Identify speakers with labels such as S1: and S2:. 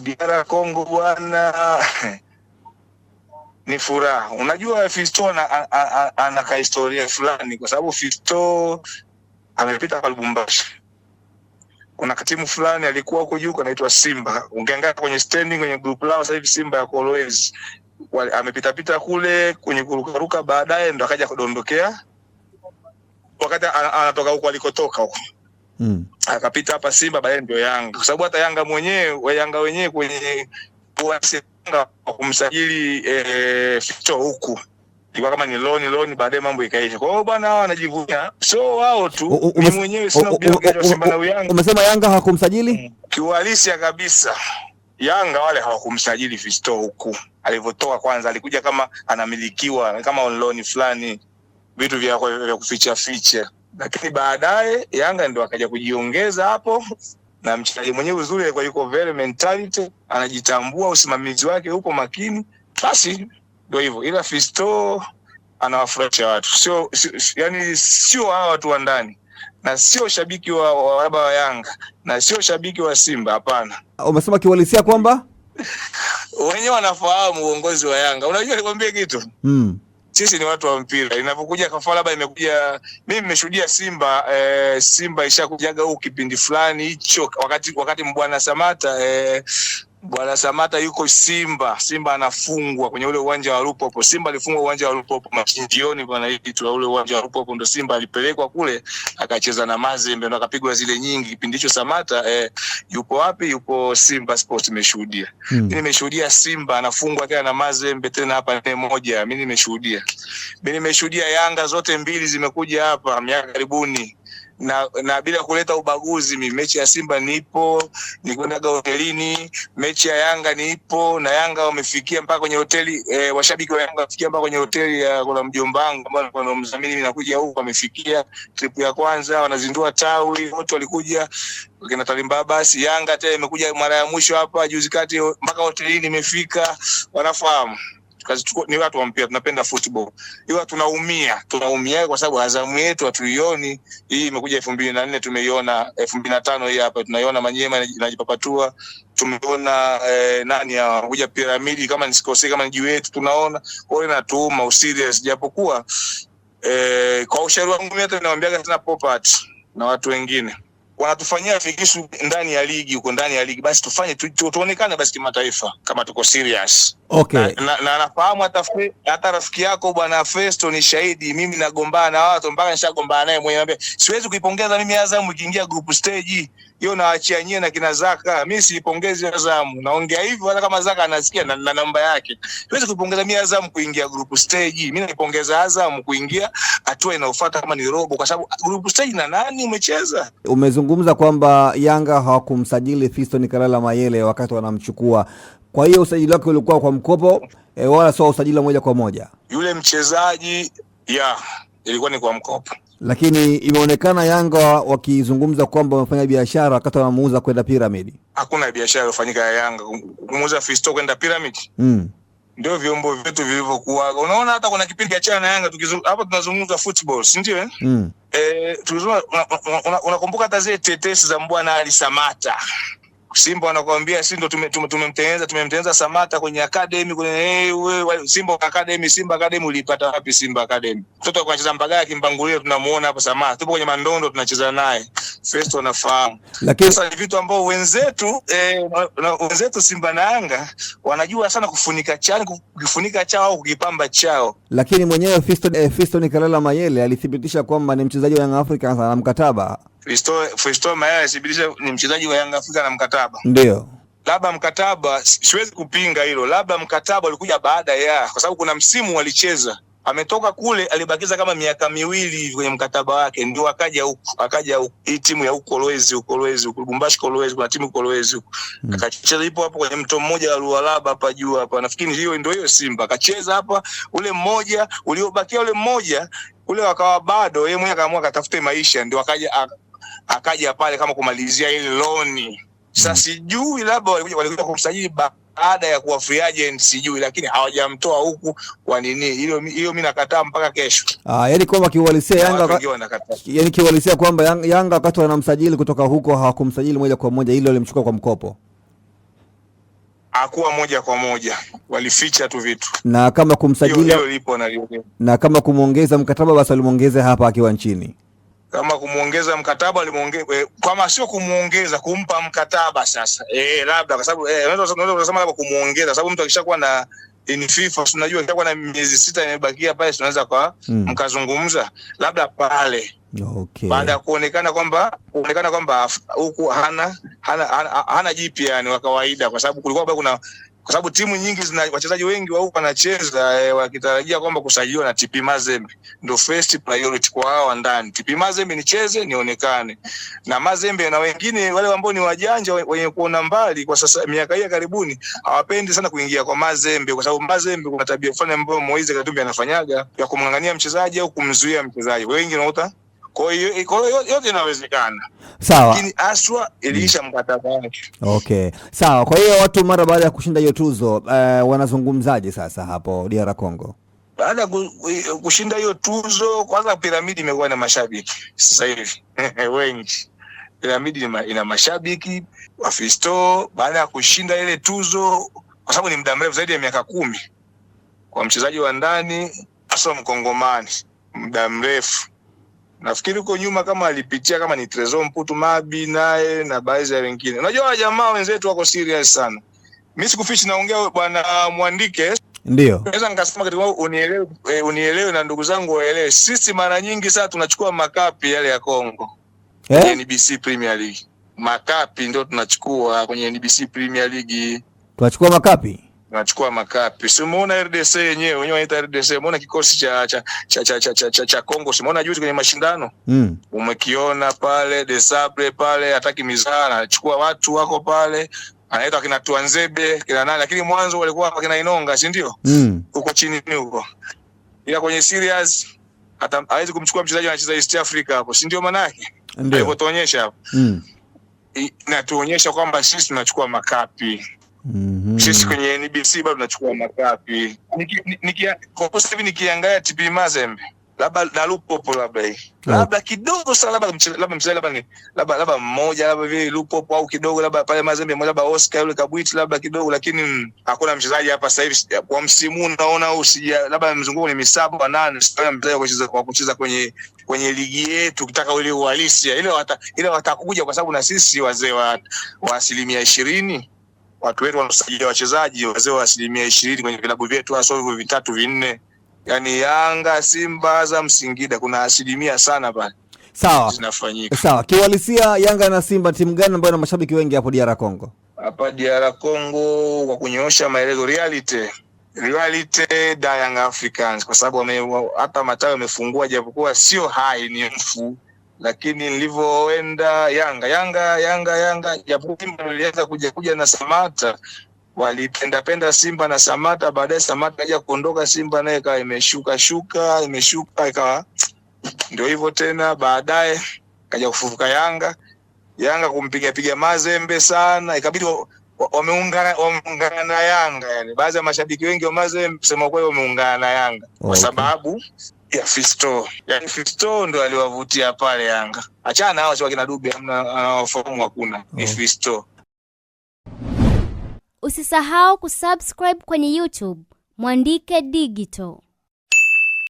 S1: DR Congo bwana ni furaha. Unajua Fisto ana historia fulani, kwa sababu Fisto amepita kwa Lubumbashi kuna katimu fulani alikuwa huko juu kanaitwa Simba. Ungeangalia kwenye standing kwenye group lao sasa hivi Simba ya Kolwezi amepita pita kule kwenye kurukaruka, baadaye ndo akaja kudondokea wakati anatoka huko alikotoka huko mm. akapita hapa Simba, baadaye ndio Yanga, kwa sababu hata Yanga mwenyewe Yanga wenyewe kwenye wa kumsajili eh, Ficho huku ilikuwa kama ni loni loni, baadaye mambo ikaisha. Kwa hiyo bwana, hao wanajivunia, so wao tu ni mwenyewe, sina na Yanga.
S2: Umesema Yanga hawakumsajili mm.
S1: kiuhalisia kabisa. Yanga wale hawakumsajili Fisto huku alivyotoka kwanza, alikuja kama anamilikiwa kama on loan fulani, vitu vya kuficha ficha lakini baadaye Yanga ndio akaja kujiongeza hapo, na mchezaji mwenyewe uzuri alikuwa yuko very mentality, anajitambua, usimamizi wake upo makini, basi ndio hivyo. Ila Fisto anawafurahisha watu, sio yani, sio hawa watu wa ndani na sio shabiki wa labda wa Yanga na sio shabiki wa Simba, hapana.
S2: Umesema kiuhalisia kwamba
S1: wenyewe wanafahamu uongozi wa Yanga. Unajua nikwambie kitu mm sisi ni watu wa mpira. Inapokuja kafara labda imekuja, mimi nimeshuhudia Simba e, Simba ishakujaga huu kipindi fulani hicho, wakati wakati mbwana Samata e, eh, Bwana Samata yuko Simba. Simba anafungwa kwenye ule uwanja wa Rupopo. Simba alifungwa uwanja wa Rupopo machinjioni bwana, hii tu ule uwanja wa Rupopo ndo Simba alipelekwa kule akacheza na Mazembe ndo akapigwa zile nyingi. Kipindi hicho Samata eh, yupo wapi? Yupo Simba Sports nimeshuhudia. Hmm. Mimi nimeshuhudia Simba anafungwa tena na Mazembe tena hapa ni moja. Mimi nimeshuhudia. Mimi nimeshuhudia Yanga zote mbili zimekuja hapa miaka karibuni na, na bila kuleta ubaguzi. Mimi mechi ya Simba nipo, nikwendaga hotelini. Mechi ya Yanga nipo, na Yanga wamefikia mpaka kwenye hoteli e, washabiki wa Yanga wamefikia mpaka kwenye hoteli ya kuna mjombangu ambaye kuna mimi nakuja huko, wamefikia trip ya kwanza, wanazindua tawi, wote walikuja kina Talimba. Basi Yanga tena imekuja mara ya mwisho hapa juzi kati, mpaka hotelini imefika, wanafahamu kazi tuko ni watu wa mpira, tunapenda football, ila tunaumia, tunaumia kwa sababu Azamu yetu hatuioni. Hii imekuja elfu mbili na nne tumeiona, elfu mbili na tano hii hapa tunaiona Manyema inajipapatua, tumeona eh, nani hawa piramidi, kama nisikosee, kama njiwe yetu tunaona wale natuuma userious, japokuwa eh, kwa ushauri wangu mimi hata ninawaambiaga tena Popat na watu wengine wanatufanyia fikisu ndani ya ligi huko ndani ya ligi, basi tufanye tu, tuonekane basi kimataifa kama tuko serious okay. Na, na nafahamu hata hata rafiki yako bwana Festo ni shahidi, mimi nagombana na watu mpaka nishagombana naye mwenyewe, siwezi kuipongeza mimi Azam ikiingia group stage hiyo nawachia nyie na kina Zaka. mi siipongezi Azamu, naongea hivyo hata kama Zaka anasikia na, na namba yake. Siwezi kuipongeza mi Azamu kuingia group stage, Mi naipongeza Azamu kuingia hatua inayofuata kama ni robo, kwa sababu group stage na nani umecheza.
S2: Umezungumza kwamba Yanga hawakumsajili Fiston Kalala Mayele wakati wanamchukua, kwa hiyo usajili wake ulikuwa kwa mkopo e, wala sio usajili moja kwa moja
S1: yule mchezaji ya ilikuwa ni kwa mkopo
S2: lakini imeonekana Yanga wakizungumza kwamba wamefanya biashara wakati wanamuuza kwenda Piramidi.
S1: Hakuna biashara iliyofanyika ya Yanga kumuuza Fisto kwenda Piramidi. Mm. Ndio vyombo vyetu vilivyokuwa. Unaona hata kuna kipindi cha na Yanga hapa tunazungumza football, si ndio eh? Mm. E, eh, unakumbuka una, una, una hata zile tetesi za Mbwana Ali Samata. Simba wanakuambia si ndo tumemtengeneza tume, tume tumemtengeneza Samata kwenye academy kwenye hey, we, we, Simba academy Simba academy ulipata wapi Simba academy? Mtoto kwa cheza mbaga akimbangulia tunamuona hapo Samata. Tupo kwenye mandondo tunacheza naye. Festo wanafahamu Lakini sasa ni vitu ambao wenzetu eh, wenzetu Simba na Yanga wanajua sana kufunika chao kufunika chao au kukipamba chao.
S2: Lakini mwenyewe Festo eh, Festo Kalala Mayele alithibitisha kwamba ni mchezaji wa Young Africans na mkataba
S1: Fisto Mayele alithibitisha ni mchezaji wa Yanga Afrika na mkataba ndio labda mkataba, siwezi kupinga hilo, labda mkataba ulikuja baada ya, kwa sababu kuna msimu walicheza, ametoka kule, alibakiza kama miaka miwili kwenye mkataba wake, ndio akaja huku, akaja huku hii timu ya huko Kolwezi, huko Kolwezi, huko Lubumbashi Kolwezi, kuna timu Kolwezi huko mm. akacheza, ipo hapo kwenye mto mmoja wa Lualaba hapa juu hapa, nafikiri hiyo ndio hiyo Simba, akacheza hapa, ule mmoja uliobakia, ule mmoja ule wakawa bado yeye mwenyewe akaamua akatafute maisha, ndio akaja akaja pale kama kumalizia ile loan. Sasa mm. sijui labda walikuja walikuja kumsajili baada ya kuwa free agent, sijui, lakini hawajamtoa huku kwa nini? Hiyo hiyo mimi nakataa mpaka kesho.
S2: Ah, yani kwamba kiuhalisia Yanga, yani kiuhalisia kwamba Yanga wakati wanamsajili kutoka huko hawakumsajili moja kwa moja, ile walimchukua kwa mkopo
S1: akuwa moja kwa moja, walificha tu vitu,
S2: na kama kumsajili na kama kumwongeza mkataba, basi walimwongeze hapa akiwa nchini
S1: kama kumuongeza mkataba alimuongeza, eh, kama sio kumuongeza, kumpa mkataba sasa. Eh, labda kwa sababu eh, unaweza kusema labda kumuongeza, kwa sababu mtu akishakuwa na in FIFA tunajua kitakuwa na miezi sita imebakia pale, tunaweza kwa hmm. mkazungumza labda pale okay. baada ya kuonekana kwamba kuonekana kwamba huku hana hana hana, hana jipya yani wa kawaida, kwa sababu kulikuwa kuna kwa sababu timu nyingi zina wachezaji wengi wao wanacheza e, wakitarajia kwamba kusajiliwa na TP Mazembe ndio first priority kwa hao wa ndani. TP Mazembe nicheze nionekane, na Mazembe na wengine wale ambao ni wajanja wenye kuona mbali, kwa sasa miaka hii ya karibuni hawapendi sana kuingia kwa Mazembe, kwa sababu Mazembe kuna tabia fulani ambayo Moise Katumbi anafanyaga ya kumng'ang'ania mchezaji au kumzuia mchezaji, wengi unakuta Eh, kwa hiyo yote inawezekana. Sawa. Lakini Aswa iliisha mm. mkataba wake.
S2: Okay. Sawa. Kwa hiyo watu mara baada ya kushinda hiyo tuzo uh, wanazungumzaje sasa hapo DR Congo?
S1: Baada ya eh, kushinda hiyo tuzo, kwanza Piramidi imekuwa na mashabiki sasa hivi wengi. Piramidi ina mashabiki Wafisto baada ya kushinda ile tuzo, kwa sababu ni muda mrefu zaidi ya miaka kumi kwa mchezaji wa ndani, hasa mkongomani, muda mrefu Nafikiri huko nyuma kama alipitia kama ni Trezor Mputu Mabi naye na baadhi ya wengine. Unajua wajamaa wenzetu wako serious sana. Mimi sikufichi, naongea bwana Mwandike. Ndio. Naweza nikasema katika unielewe, eh, unielewe na ndugu zangu waelewe. Sisi mara nyingi sana tunachukua makapi yale ya Kongo. Eh? NBC Premier League. Makapi ndio tunachukua kwenye NBC Premier League.
S2: Tunachukua makapi?
S1: tunachukua makapi. Si umeona RDC yenyewe wenyewe wanaita RDC, umeona kikosi cha cha cha cha cha, cha, cha, cha Kongo, si umeona juzi kwenye mashindano mm. umekiona pale desable pale, hataki mizaa, anachukua watu wako pale anaitwa kina Tuanzebe kina nani, lakini mwanzo walikuwa hapa kina Inonga, si ndio? mm. huko chini huko, ila kwenye serious hata hawezi kumchukua mchezaji anacheza East Africa hapo, si ndio? maana yake ndio alivyotuonyesha hapo mm. inatuonyesha kwamba sisi tunachukua makapi Mm -hmm. Sisi kwenye NBC bado tunachukua makapi. Kosa hivi nikiangalia TP Mazembe labda na Lupopo labda hii. Oh. Labda kidogo sana labda labda mchezaji labda labda labda mmoja labda vile Lupopo au kidogo labda pale Mazembe mmoja labda Oscar yule Kabwiti labda kidogo lakini mm, hakuna mchezaji hapa sasa hivi kwa msimu naona si labda mzunguko ni misaba na nane sio mchezaji kucheza kwa kucheza kwenye kwenye ligi yetu kitaka ile uhalisia ile wata, ile watakuja kwa sababu na sisi wazee wa asilimia ishirini watu wetu wanasajili wachezaji wazee wa asilimia ishirini kwenye vilabu vyetu hasa hivyo vitatu vinne, yani Yanga, Simba, Azam, Singida, kuna asilimia sana pale. Sawa, zinafanyika
S2: sawa. Kiwalisia, Yanga na Simba, timu gani ambayo na mashabiki wengi hapo DR Congo?
S1: Hapa DR Congo, kwa kunyoosha maelezo, reality reality da Young Africans, kwa sababu hata matawi amefungua, japokuwa sio hai, ni mfu lakini nilivyoenda Yanga Yanga Yanga Yanga, japo Simba nilianza kuja kuja na Samata walipendapenda Simba na Samata, baadaye Samata kaja kuondoka, Simba naye ikawa imeshuka shuka imeshuka, ikawa ndio hivyo tena. Baadaye kaja kufufuka Yanga Yanga kumpiga piga Mazembe sana, ikabidi wameungana wameungana na Yanga, yani baadhi ya mashabiki wengi wa Mazembe kusema kweli wameungana na Yanga kwa sababu ya Fisto. Yaani Fisto ndo aliwavutia pale Yanga. Achana nao sio kina Dube, hamna anawafahamu hakuna. Ni mm. Fisto. Usisahau kusubscribe kwenye YouTube Mwandike Digital.